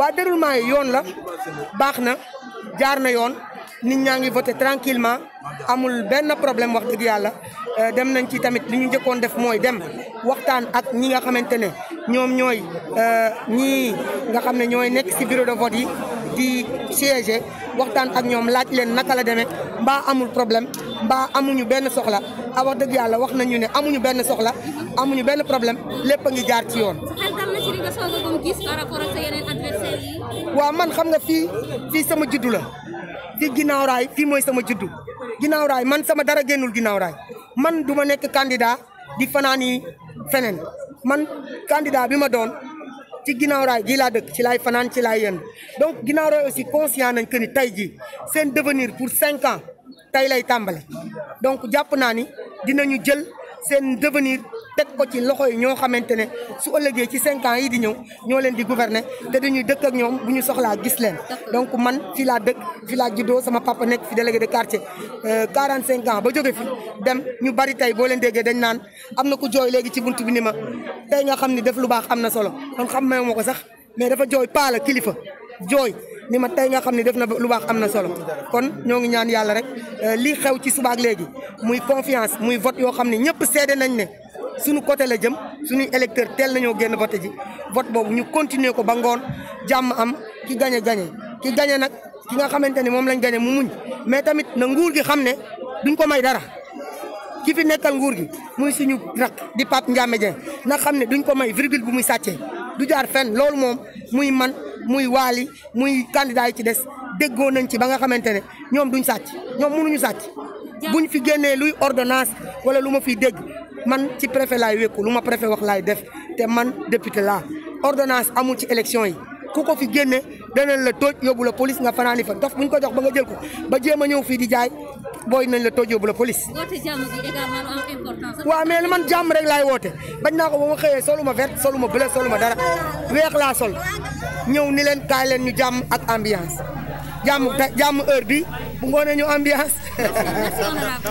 waa déroulement yi yoon la baax na jaar na yoon nit ñaa ngi voté tranquillement amul benn problème wax dëgg yàlla euh, dem nañ ci tamit li ñu njëkkoon def mooy dem waxtaan ak ñi nga xamante ne ñoom ñooy euh, ñii nga xam ne ñooy nekk ci bureau de vote yi di siéger waxtaan ak ñoom laaj leen naka la demee mbaa amul problème mbaa amuñu benn soxla a dëgg yàlla wax nañu ne amuñu benn soxla amuñu benn problème lépp a ngi jaar ci yoon. waaw man xam nga fi fii sama juddu la fii ginnaaw raay mooy sama juddu ginnaaw raay man sama dara génnul ginnaaw man du ma nekk candidat di fanaani feneen man kandidaa bi ma doon ci ginnaaw raay gii laa dëkk ci laay fanaan ci laay yenn donc ginnaaw aussi conscient nañ que ni tey jii seen devenir pour cinq ans. tey lay tàmbale donc jàpp naa ni dina ñu jël seen devenir teg ko ci loxo yi ñoo xamante ne su ëllëgee ci cinq ans yi di ñëw ñoo leen di gouverner te dañuy dëkk ak ñoom bu ñu soxlaa gis leen donc man fi laa dëkk fi laa juddoo sama papa nekk fi délégué de quartier euh, quarante cinq ans ba jóge fi dem ñu bari tey boo leen déggee dañ naan am na ku jooy léegi ci bunt bi ni ma tey nga xam ni def lu baax am na solo kon xam ma ko sax mais dafa jooy paala kilifa jooy ni ma tey nga xam ne def na lu baax am na solo kon ñoo ngi ñaan yàlla rek euh, li xew ci subaak léegi muy confiance muy vote yoo xam ne ñëpp seede nañ ne suñu côté la jëm suñuy électeur teel nañoo génn vote ji vote boobu ñu continuer ko ba ngoon jàmm am ki gañe gañe ki gañe nag ki nga xamante ni moom lañ gañe mu muñ mais tamit na nguur gi xam ne duñ ko may dara ki fi nekkal nguur gi muy suñu rak di Pape Ndiame Dieng na xam ne duñ ko may virgule bu muy sàccee du jaar muy waali muy candidat yi ci des déggoo nañ ci ba nga xamante ne ñoom duñ sàcc ñoom mënuñu sàcc buñ fi génnee luy ordonnance wala lu ma fiy dégg man ci préfet laay wékku lu ma préfet wax laay def te man député laa ordonnance amul ci élection yi ku ko fi génne danañ la tooj yóbbu la police nga fanaani fa dof buñ ko jox ba nga jël ko ba jéem a ñëw fii di jaay booy nañ la tooj yóbbu la police. woote jàmm bi également man jàmm rek laay woote bañ naa ko ba ma xëyee soluma vert soluma bleu soluma dara weex laa sol. ñëw ni leen kaay leen ñu jàmm ak ambiance jàmm jàmm heure bi bu ngoonee ñu ambiance